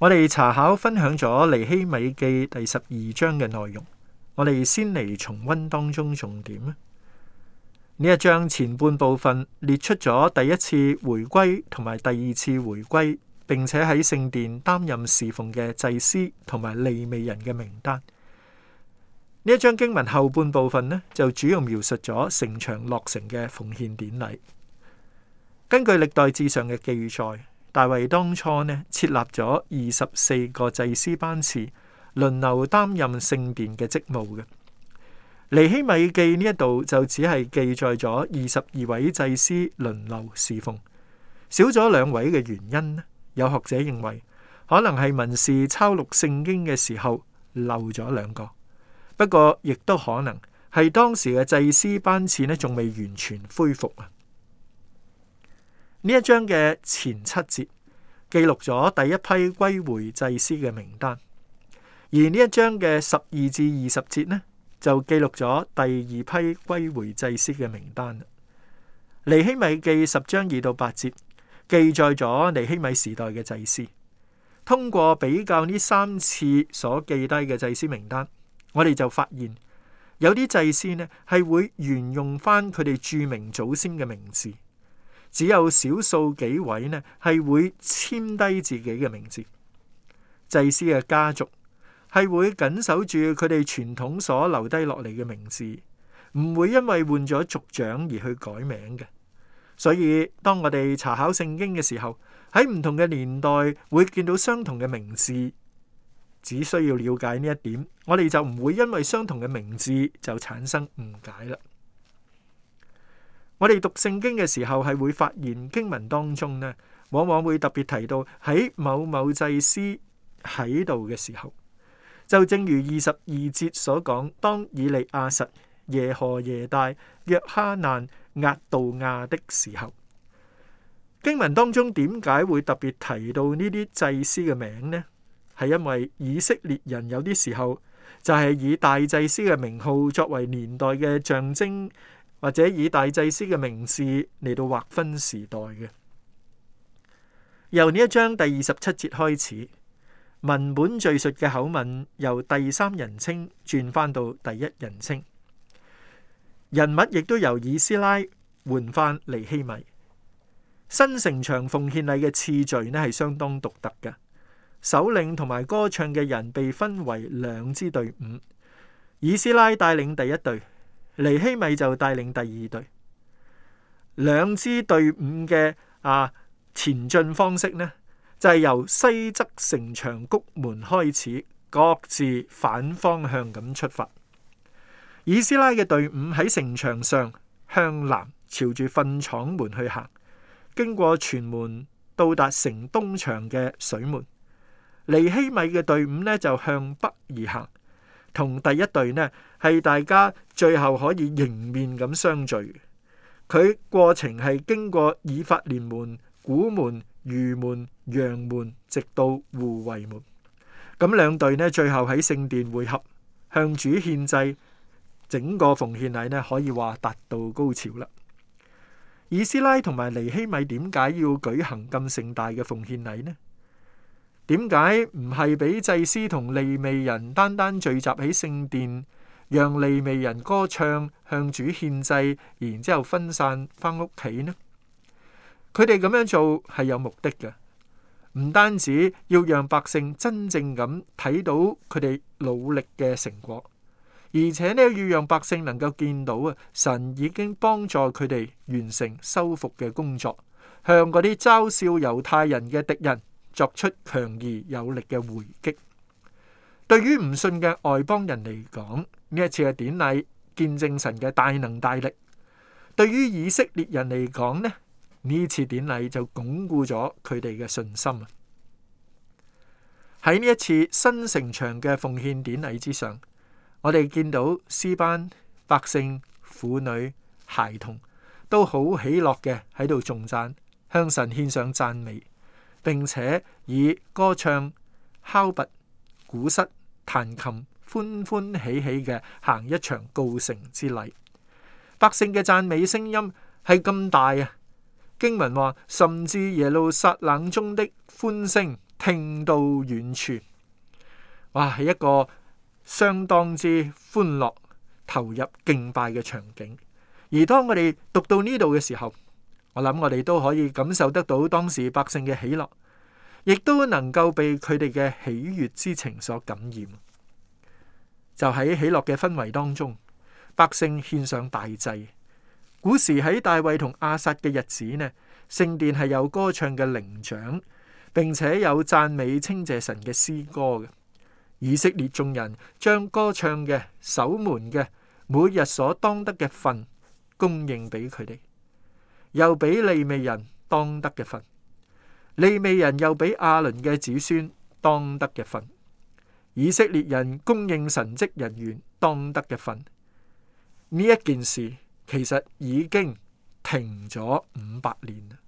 我哋查考分享咗尼希米記第十二章嘅內容，我哋先嚟重温當中重點。呢一章前半部分列出咗第一次回歸同埋第二次回歸，並且喺聖殿擔任侍奉嘅祭司同埋利未人嘅名單。呢一章經文後半部分呢，就主要描述咗城牆落成嘅奉獻典禮。根據歷代志上嘅記載。大衛當初呢設立咗二十四個祭司班次，輪流擔任聖殿嘅職務嘅。尼希米記呢一度就只係記載咗二十二位祭司輪流侍奉，少咗兩位嘅原因，有學者認為可能係文士抄錄聖經嘅時候漏咗兩個，不過亦都可能係當時嘅祭司班次呢仲未完全恢復啊。呢一章嘅前七節記錄咗第一批歸回祭司嘅名單，而呢一章嘅十二至二十節呢，就記錄咗第二批歸回祭司嘅名單。尼希米記十章二到八節記載咗尼希米時代嘅祭司。通過比較呢三次所記低嘅祭司名單，我哋就發現有啲祭司呢係會沿用翻佢哋著名祖先嘅名字。只有少數幾位呢，係會簽低自己嘅名字。祭司嘅家族係會緊守住佢哋傳統所留低落嚟嘅名字，唔會因為換咗族長而去改名嘅。所以當我哋查考聖經嘅時候，喺唔同嘅年代會見到相同嘅名字，只需要了解呢一點，我哋就唔會因為相同嘅名字就產生誤解啦。我哋讀聖經嘅時候係會發現經文當中呢，往往會特別提到喺某某祭司喺度嘅時候，就正如二十二節所講，當以利亞實、耶何耶大、約哈難、押杜亞的時候，經文當中點解會特別提到呢啲祭司嘅名呢？係因為以色列人有啲時候就係、是、以大祭司嘅名號作為年代嘅象徵。或者以大祭司嘅名字嚟到劃分時代嘅，由呢一章第二十七節開始，文本敘述嘅口吻由第三人稱轉翻到第一人稱，人物亦都由以斯拉換翻尼希米。新城牆奉獻禮嘅次序呢係相當獨特嘅，首領同埋歌唱嘅人被分為兩支隊伍，以斯拉帶領第一隊。尼希米就帶領第二隊，兩支隊伍嘅啊前進方式呢，就係、是、由西側城牆谷門開始，各自反方向咁出發。以斯拉嘅隊伍喺城牆上向南，朝住糞廠門去行，經過泉門到達城東牆嘅水門。尼希米嘅隊伍呢就向北而行，同第一隊呢。係大家最後可以迎面咁相聚，佢過程係經過以法蓮門、古門、魚門、羊門，直到護衛門。咁兩隊呢最後喺聖殿會合，向主獻祭，整個奉獻禮呢可以話達到高潮啦。以斯拉同埋尼希米點解要舉行咁盛大嘅奉獻禮呢？點解唔係俾祭司同利未人單單聚集喺聖殿？讓利未人歌唱，向主獻祭，然之後分散翻屋企呢？佢哋咁樣做係有目的嘅，唔單止要讓百姓真正咁睇到佢哋努力嘅成果，而且呢，要讓百姓能夠見到啊，神已經幫助佢哋完成修復嘅工作，向嗰啲嘲笑猶太人嘅敵人作出強而有力嘅回擊。對於唔信嘅外邦人嚟講，呢一次嘅典禮見證神嘅大能大力，對於以色列人嚟講呢，呢次典禮就鞏固咗佢哋嘅信心。喺呢一次新城牆嘅奉獻典禮之上，我哋見到詩班、百姓、婦女、孩童都好喜樂嘅喺度重讚，向神獻上讚美，並且以歌唱、敲鈸、鼓瑟、彈琴。歡歡喜喜嘅行一場告成之禮，百姓嘅讚美聲音係咁大啊！經文話，甚至耶路撒冷中的歡聲聽到遠處，哇，係一個相當之歡樂投入敬拜嘅場景。而當我哋讀到呢度嘅時候，我諗我哋都可以感受得到當時百姓嘅喜樂，亦都能夠被佢哋嘅喜悦之情所感染。就喺喜樂嘅氛圍當中，百姓獻上大祭。古時喺大衛同亞薩嘅日子呢，聖殿係有歌唱嘅伶長，並且有讚美稱謝神嘅詩歌嘅。以色列眾人將歌唱嘅守門嘅每日所當得嘅份供應俾佢哋，又俾利未人當得嘅份，利未人又俾亞倫嘅子孫當得嘅份。以色列人供應神職人員當得嘅份呢一件事，其實已經停咗五百年啦。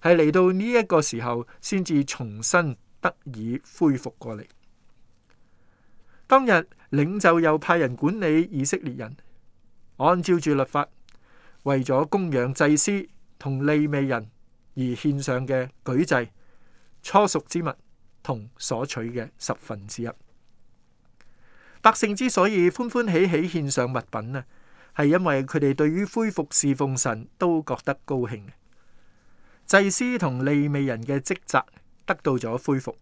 係嚟到呢一個時候，先至重新得以恢復過嚟。當日領袖又派人管理以色列人，按照住律法，為咗供養祭司同利未人而獻上嘅舉祭、初熟之物同所取嘅十分之一。百姓之所以歡歡喜喜獻上物品，呢係因為佢哋對於恢復侍奉神都覺得高興。祭司同利未人嘅職責得到咗恢復，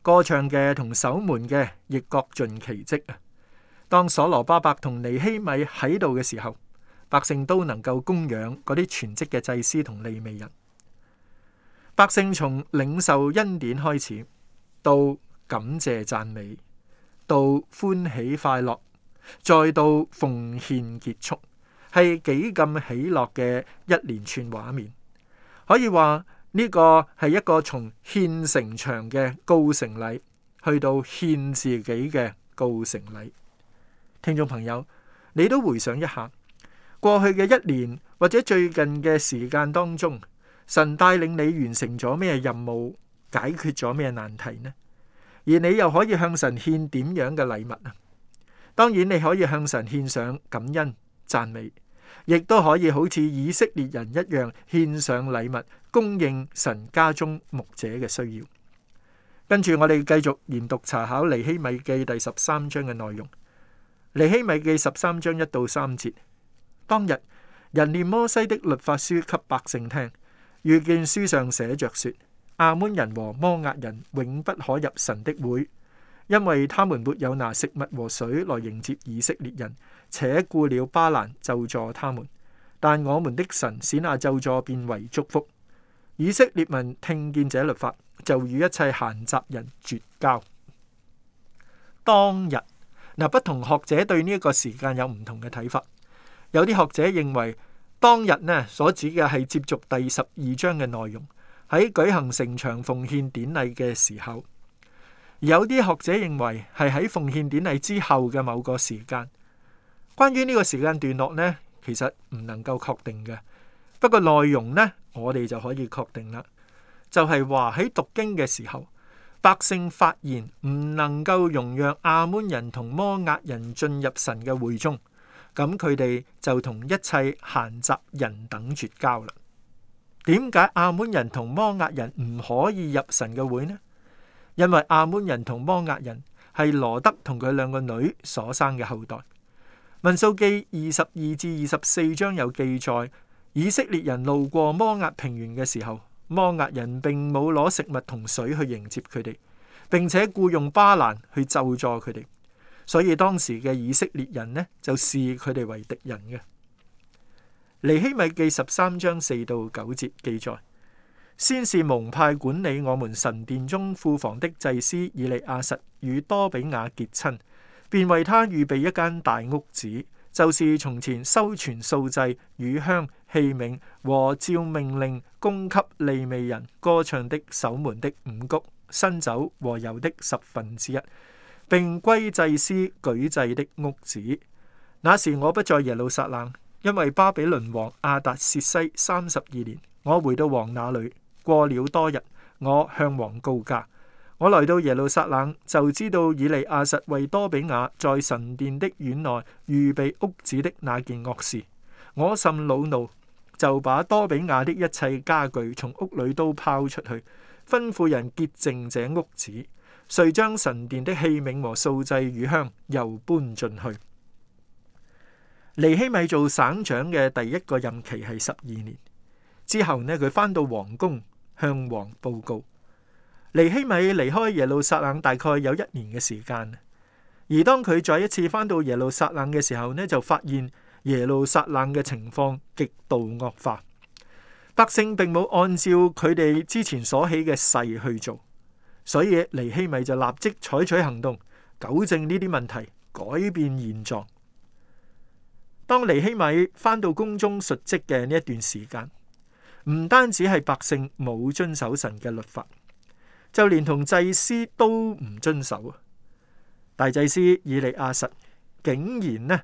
歌唱嘅同守門嘅亦各盡其職。當所羅巴伯同尼希米喺度嘅時候，百姓都能夠供養嗰啲全職嘅祭司同利未人。百姓從領受恩典開始，到感謝讚美。到歡喜快樂，再到奉獻結束，係幾咁喜樂嘅一連串畫面。可以話呢個係一個從獻城牆嘅告成禮，去到獻自己嘅告成禮。聽眾朋友，你都回想一下過去嘅一年或者最近嘅時間當中，神帶領你完成咗咩任務，解決咗咩難題呢？而你又可以向神獻點樣嘅禮物啊？當然你可以向神獻上感恩讚美，亦都可以好似以色列人一樣獻上禮物，供應神家中牧者嘅需要。跟住我哋繼續研讀查考尼希米記第十三章嘅內容。尼希米記十三章一到三節，當日人念摩西的律法書給百姓聽，遇見書上寫着說。亞捫人和摩押人永不可入神的會，因為他們沒有拿食物和水來迎接以色列人，且僱了巴蘭咒詛他們。但我們的神使那咒詛變為祝福。以色列民聽見這律法，就與一切閒雜人絕交。當日，嗱不同學者對呢一個時間有唔同嘅睇法。有啲學者認為當日呢所指嘅係接續第十二章嘅內容。喺舉行城牆奉獻典禮嘅時候，有啲學者認為係喺奉獻典禮之後嘅某個時間。關於呢個時間段落呢，其實唔能夠確定嘅。不過內容呢，我哋就可以確定啦，就係話喺讀經嘅時候，百姓發現唔能夠容讓亞捫人同摩押人進入神嘅會中，咁佢哋就同一切閒雜人等絕交啦。點解亞捫人同摩押人唔可以入神嘅會呢？因為亞捫人同摩押人係羅得同佢兩個女所生嘅後代。民數記二十二至二十四章有記載，以色列人路過摩押平原嘅時候，摩押人並冇攞食物同水去迎接佢哋，並且僱傭巴蘭去咒詛佢哋，所以當時嘅以色列人呢就視佢哋為敵人嘅。尼希米記十三章四到九節記載：先是蒙派管理我們神殿中庫房的祭司以利亞實與多比亞結親，便為他預備一間大屋子，就是從前收存素祭、乳香、器皿和照命令供給利未人歌唱的守門的五穀、新酒和油的十分之一，並歸祭司舉祭的屋子。那時我不在耶路撒冷。因為巴比倫王亞達薛西三十二年，我回到王那裏，過了多日，我向王告假。我來到耶路撒冷，就知道以利亞實為多比雅在神殿的院內預備屋子的那件惡事。我甚惱怒，就把多比雅的一切家具從屋裏都拋出去，吩咐人潔淨這屋子，遂將神殿的器皿和素祭乳香又搬進去。尼希米做省長嘅第一個任期係十二年，之後呢，佢翻到皇宮，向王報告。尼希米離開耶路撒冷大概有一年嘅時間，而當佢再一次翻到耶路撒冷嘅時候呢，就發現耶路撒冷嘅情況極度惡化，百姓並冇按照佢哋之前所起嘅誓去做，所以尼希米就立即採取行動，糾正呢啲問題，改變現狀。當尼希米返到宮中述職嘅呢一段時間，唔單止係百姓冇遵守神嘅律法，就連同祭司都唔遵守啊！大祭司以利亞實竟然呢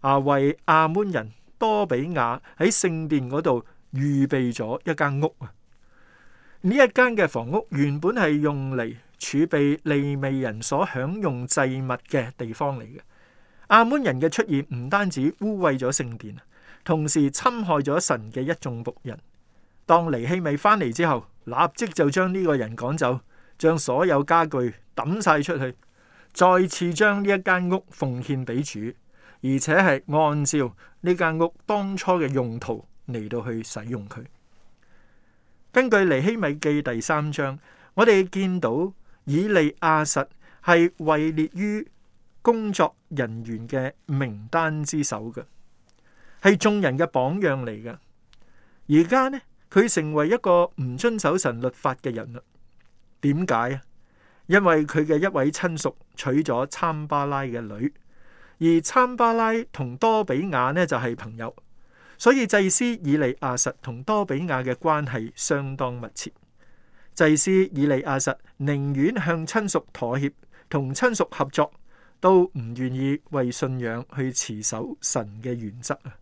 啊為亞捫人多比雅喺聖殿嗰度預備咗一間屋啊！呢一間嘅房屋原本係用嚟儲備利未人所享用祭物嘅地方嚟嘅。亞捫人嘅出現唔單止污穢咗聖殿，同時侵害咗神嘅一眾僕人。當尼希米翻嚟之後，立即就將呢個人趕走，將所有家具抌晒出去，再次將呢一間屋奉獻俾主，而且係按照呢間屋當初嘅用途嚟到去使用佢。根據尼希米記第三章，我哋見到以利亞實係位列於。工作人員嘅名單之首嘅，係眾人嘅榜樣嚟嘅。而家呢，佢成為一個唔遵守神律法嘅人啦。點解啊？因為佢嘅一位親屬娶咗參巴拉嘅女，而參巴拉同多比亞呢就係朋友，所以祭司以利亞實同多比亞嘅關係相當密切。祭司以利亞實寧願向親屬妥協，同親屬合作，都唔願意為信仰去持守神嘅原則啊！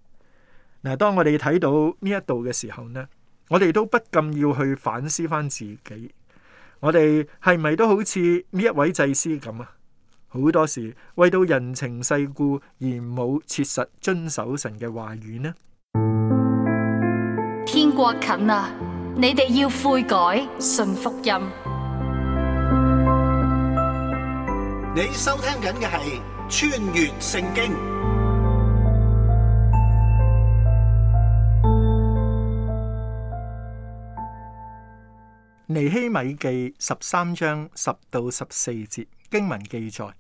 嗱，當我哋睇到呢一度嘅時候呢，我哋都不禁要去反思翻自己，我哋係咪都好似呢一位祭司咁啊？好多時為到人情世故而冇切實遵守神嘅話語呢？天國近啦，你哋要悔改信福音。你收聽緊嘅係《穿越聖經》尼希米記十三章十到十四節經文記載：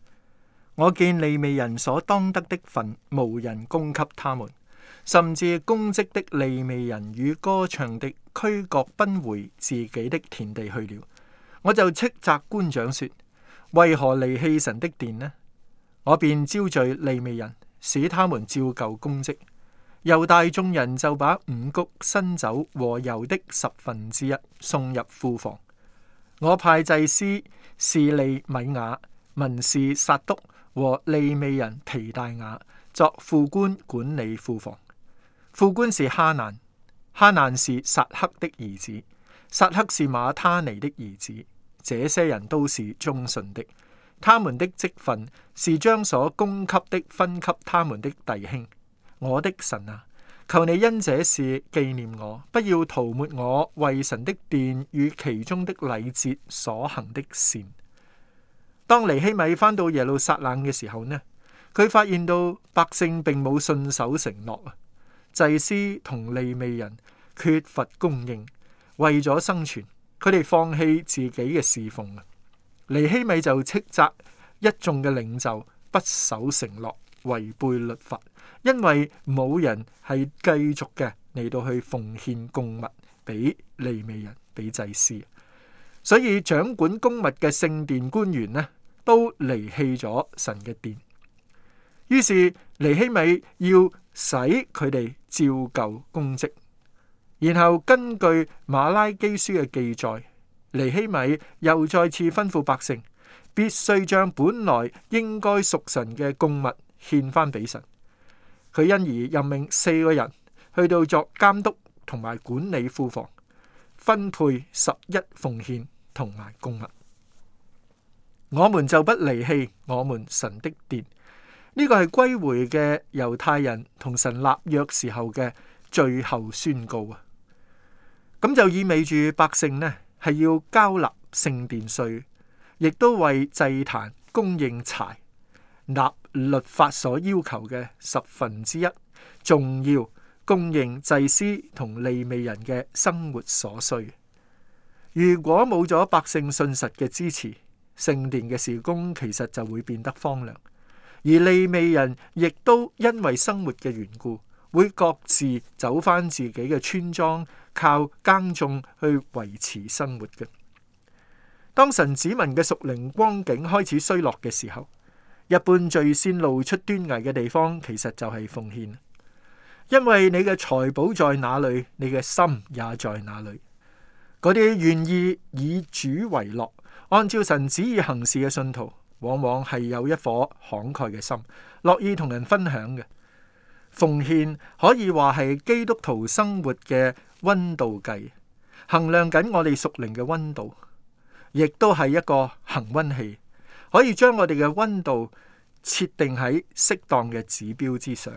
我見利未人所當得的份無人供給他們，甚至公職的利未人與歌唱的驅各奔回自己的田地去了。我就斥責官長說。為何離棄神的殿呢？我便招聚利未人，使他們照舊供職。猶大眾人就把五穀、新酒和油的十分之一送入庫房。我派祭司示利米雅、文士撒督和利未人皮大雅作副官管理庫房。副官是哈南，哈南是撒克的兒子，撒克是馬他尼的兒子。這些人都是忠信的，他們的職分是將所供給的分給他們的弟兄。我的神啊，求你因這事紀念我，不要塗抹我為神的殿與其中的禮節所行的善。當尼希米返到耶路撒冷嘅時候呢，佢發現到百姓並冇信守承諾，祭司同利未人缺乏供應，為咗生存。佢哋放棄自己嘅侍奉啊！尼希米就斥責一衆嘅領袖不守承諾、違背律法，因為冇人係繼續嘅嚟，到去奉獻公物俾利未人、俾祭司，所以掌管公物嘅聖殿官員呢都離棄咗神嘅殿。於是尼希米要使佢哋照舊供職。然後根據馬拉基書嘅記載，尼希米又再次吩咐百姓，必須將本來應該屬神嘅供物獻翻俾神。佢因而任命四個人去到作監督同埋管理庫房，分配十一奉獻同埋供物。我們就不離棄我們神的殿，呢個係歸回嘅猶太人同神立約時候嘅最後宣告啊！咁就意味住百姓呢，係要交納聖殿稅，亦都為祭壇供應柴，納律法所要求嘅十分之一，仲要供應祭司同利未人嘅生活所需。如果冇咗百姓信實嘅支持，聖殿嘅事工其實就會變得荒涼，而利未人亦都因為生活嘅緣故。會各自走返自己嘅村莊，靠耕種去維持生活嘅。當神子民嘅屬靈光景開始衰落嘅時候，一般最先露出端倪嘅地方，其實就係奉獻。因為你嘅財寶在哪裏，你嘅心也在哪裏。嗰啲願意以主為樂，按照神旨意行事嘅信徒，往往係有一顆慷慨嘅心，樂意同人分享嘅。奉獻可以話係基督徒生活嘅溫度計，衡量緊我哋屬靈嘅溫度，亦都係一個恆溫器，可以將我哋嘅溫度設定喺適當嘅指標之上。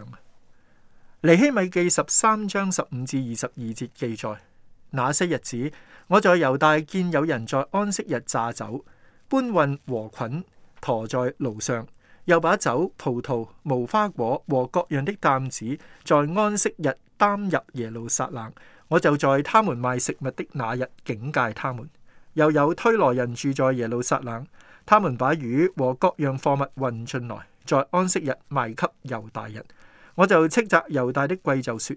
尼希米記十三章十五至二十二節記載：「那些日子，我在猶大見有人在安息日炸酒、搬運禾捆、馱在驢上。又把酒、葡萄、無花果和各樣的擔子，在安息日擔入耶路撒冷，我就在他們賣食物的那日警戒他們。又有推羅人住在耶路撒冷，他們把魚和各樣貨物運進來，在安息日賣給猶大人，我就斥責猶大的貴胄就說：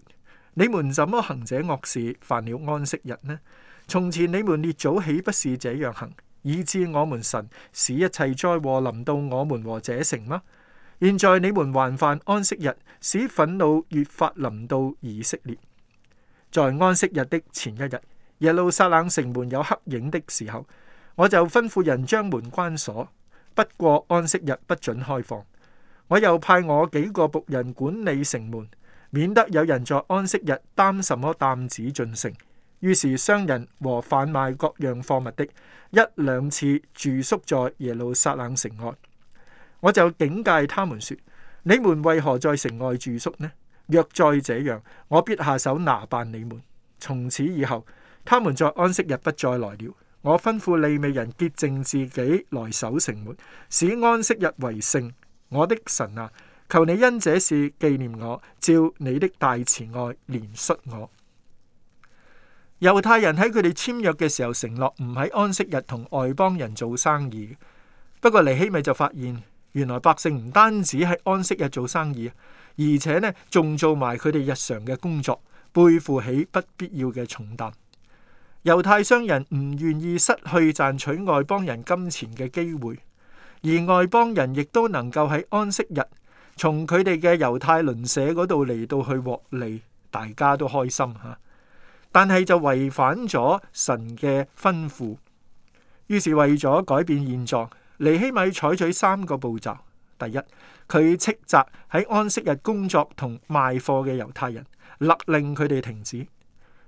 你們怎麼行這惡事，犯了安息日呢？從前你們列祖豈不是這樣行？以致我們神使一切災禍臨到我們和這城嗎？現在你們還犯安息日，使憤怒越發臨到以色列。在安息日的前一日，耶路撒冷城門有黑影的時候，我就吩咐人將門關鎖。不過安息日不准開放。我又派我幾個僕人管理城門，免得有人在安息日擔什麼擔子進城。於是商人和販賣各樣貨物的一兩次住宿在耶路撒冷城外，我就警戒他們說：你們為何在城外住宿呢？若再這樣，我必下手拿辦你們。從此以後，他們在安息日不再來了。我吩咐利未人潔淨自己來守城門，使安息日為聖。我的神啊，求你因這事紀念我，照你的大慈愛憐恤我。猶太人喺佢哋簽約嘅時候承諾唔喺安息日同外邦人做生意。不過尼希米就發現，原來百姓唔單止喺安息日做生意，而且呢，仲做埋佢哋日常嘅工作，背負起不必要嘅重擔。猶太商人唔願意失去賺取外邦人金錢嘅機會，而外邦人亦都能夠喺安息日從佢哋嘅猶太鄰舍嗰度嚟到去獲利，大家都開心吓。但係就違反咗神嘅吩咐，於是為咗改變現狀，尼希米採取三個步驟：第一，佢斥責喺安息日工作同賣貨嘅猶太人，勒令佢哋停止；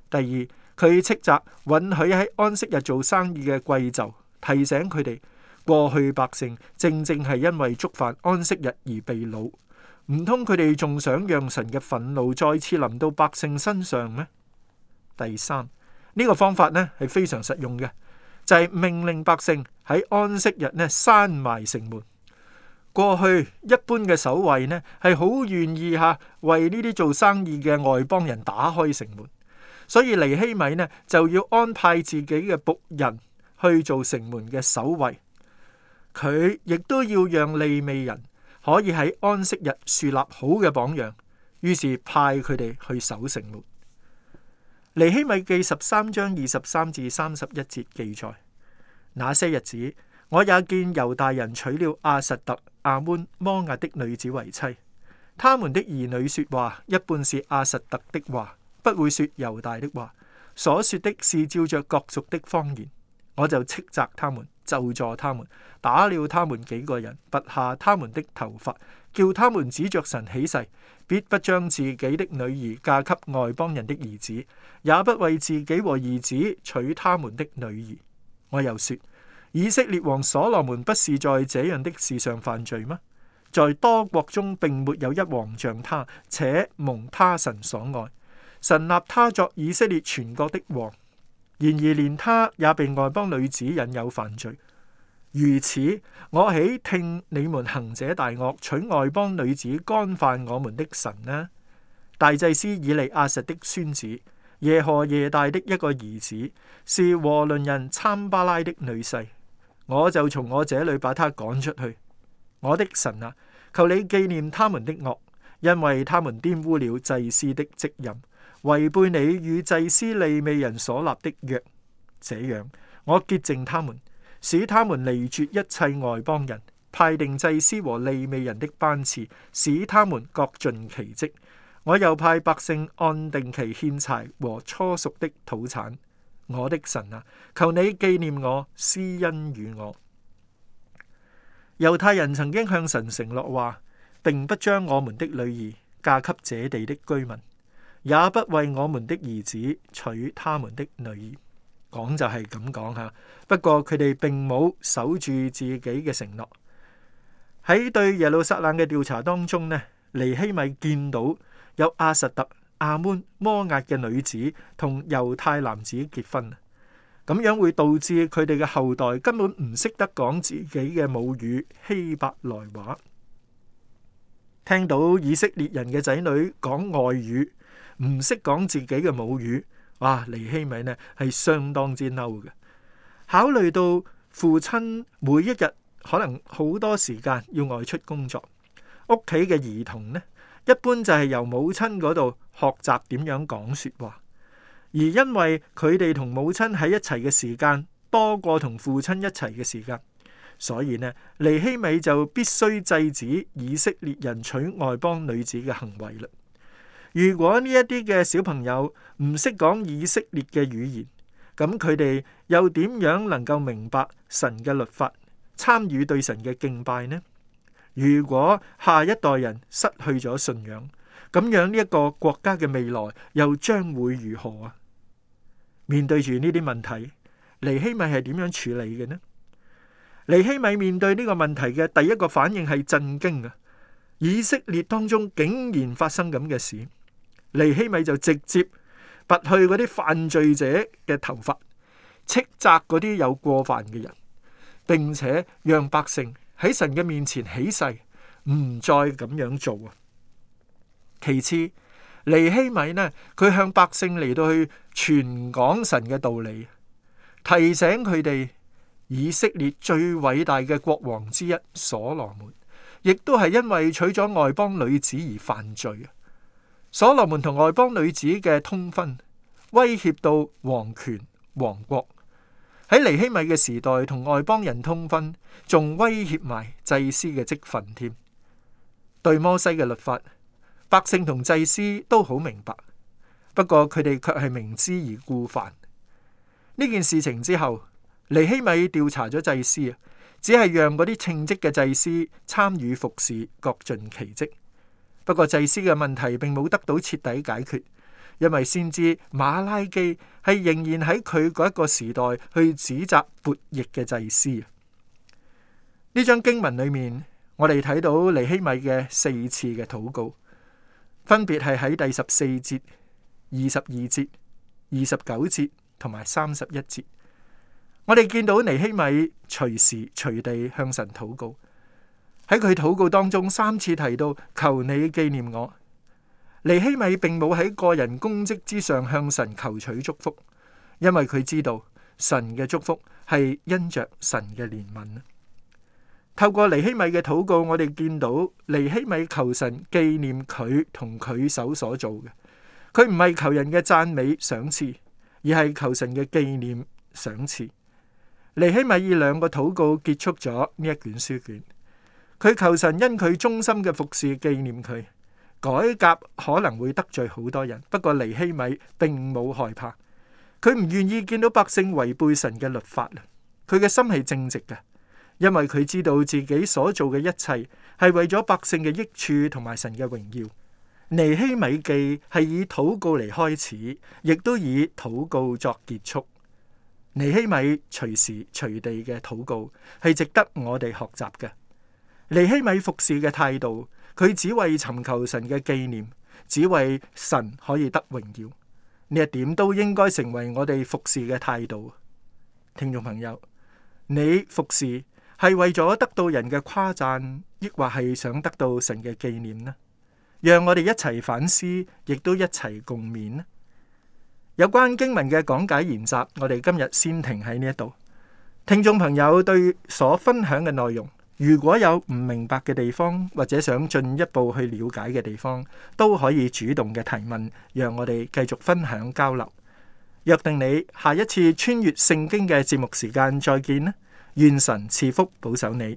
第二，佢斥責允許喺安息日做生意嘅貴胄，提醒佢哋過去百姓正正係因為觸犯安息日而被擄，唔通佢哋仲想讓神嘅憤怒再次臨到百姓身上咩？第三呢，這個方法呢係非常實用嘅，就係、是、命令百姓喺安息日呢閂埋城門。過去一般嘅守衛呢係好願意吓為呢啲做生意嘅外邦人打開城門，所以尼希米呢就要安排自己嘅僕人去做城門嘅守衛。佢亦都要讓利未人可以喺安息日樹立好嘅榜樣，於是派佢哋去守城門。尼希米記十三章二十三至三十一節記載：那些日子，我也見猶大人娶了阿實特阿們摩亞的女子為妻，他們的兒女說話一半是阿實特的話，不會說猶大的話，所說的是照着各族的方言。我就斥責他們，咒詛他們，打了他們幾個人，拔下他們的頭髮。叫他們指着神起誓，必不將自己的女兒嫁給外邦人的兒子，也不為自己和兒子娶他們的女兒。我又說，以色列王所羅門不是在這樣的事上犯罪嗎？在多國中，並沒有一王像他，且蒙他神所愛，神立他作以色列全國的王。然而連他也被外邦女子引誘犯罪。如此，我豈聽你們行者大惡，娶外邦女子干犯我們的神呢？大祭司以利亞實的孫子耶何耶大的一個兒子，是和倫人參巴拉的女婿，我就從我這裏把他趕出去。我的神啊，求你紀念他們的惡，因為他們玷污了祭司的職任，違背你與祭司利未人所立的約。這樣，我潔淨他們。使他們離絕一切外邦人，派定祭司和利未人的班次，使他們各盡其職。我又派百姓按定期獻柴和初熟的土產。我的神啊，求你紀念我，施恩與我。猶太人曾經向神承諾話，並不將我們的女兒嫁給這地的居民，也不為我們的兒子娶他們的女兒。講就係咁講吓，不過佢哋並冇守住自己嘅承諾。喺對耶路撒冷嘅調查當中呢，尼希米見到有阿實特、阿門、摩押嘅女子同猶太男子結婚，咁樣會導致佢哋嘅後代根本唔識得講自己嘅母語希伯來話。聽到以色列人嘅仔女講外語，唔識講自己嘅母語。哇！尼希米呢，係相當之嬲嘅。考慮到父親每一日可能好多時間要外出工作，屋企嘅兒童呢，一般就係由母親嗰度學習點樣講說話。而因為佢哋同母親喺一齊嘅時間多過同父親一齊嘅時間，所以呢，尼希米就必須制止以色列人娶外邦女子嘅行為嘞。如果呢一啲嘅小朋友唔識講以色列嘅語言，咁佢哋又點樣能夠明白神嘅律法，參與對神嘅敬拜呢？如果下一代人失去咗信仰，咁樣呢一個國家嘅未來又將會如何啊？面對住呢啲問題，尼希米係點樣處理嘅呢？尼希米面對呢個問題嘅第一個反應係震驚啊！以色列當中竟然發生咁嘅事。尼希米就直接拔去嗰啲犯罪者嘅頭髮，斥責嗰啲有過犯嘅人，並且讓百姓喺神嘅面前起誓，唔再咁樣做啊。其次，尼希米呢，佢向百姓嚟到去傳講神嘅道理，提醒佢哋以色列最偉大嘅國王之一所羅門，亦都係因為娶咗外邦女子而犯罪所羅門同外邦女子嘅通婚，威脅到皇權、王國。喺尼希米嘅時代，同外邦人通婚，仲威脅埋祭司嘅職份添。對摩西嘅律法，百姓同祭司都好明白，不過佢哋卻係明知而故犯。呢件事情之後，尼希米調查咗祭司，只係讓嗰啲稱職嘅祭司參與服侍各盡，各盡其職。不過祭司嘅問題並冇得到徹底解決，因為先知馬拉基係仍然喺佢嗰一個時代去指責叛逆嘅祭司。呢張經文裏面，我哋睇到尼希米嘅四次嘅禱告，分別係喺第十四節、二十二節、二十九節同埋三十一節。我哋見到尼希米隨時隨地向神禱告。喺佢禱告當中，三次提到求你紀念我。尼希米並冇喺個人功績之上向神求取祝福，因為佢知道神嘅祝福係因着神嘅憐憫。透過尼希米嘅禱告，我哋見到尼希米求神紀念佢同佢手所做嘅。佢唔係求人嘅讚美賞賜，而係求神嘅紀念賞賜。尼希米以兩個禱告結束咗呢一卷書卷。佢求神因佢忠心嘅服侍紀念佢，改革可能會得罪好多人，不過尼希米並冇害怕。佢唔願意見到百姓違背神嘅律法啦。佢嘅心係正直嘅，因為佢知道自己所做嘅一切係為咗百姓嘅益處同埋神嘅榮耀。尼希米記係以禱告嚟開始，亦都以禱告作結束。尼希米隨時隨地嘅禱告係值得我哋學習嘅。尼希米服侍嘅態度，佢只為尋求神嘅紀念，只為神可以得榮耀，呢一點都應該成為我哋服侍嘅態度。聽眾朋友，你服侍係為咗得到人嘅誇讚，抑或係想得到神嘅紀念呢？讓我哋一齊反思，亦都一齊共勉呢。有關經文嘅講解研習，我哋今日先停喺呢一度。聽眾朋友，對所分享嘅內容，如果有唔明白嘅地方，或者想進一步去了解嘅地方，都可以主動嘅提問，讓我哋繼續分享交流。約定你下一次穿越聖經嘅節目時間再見呢！願神賜福保守你。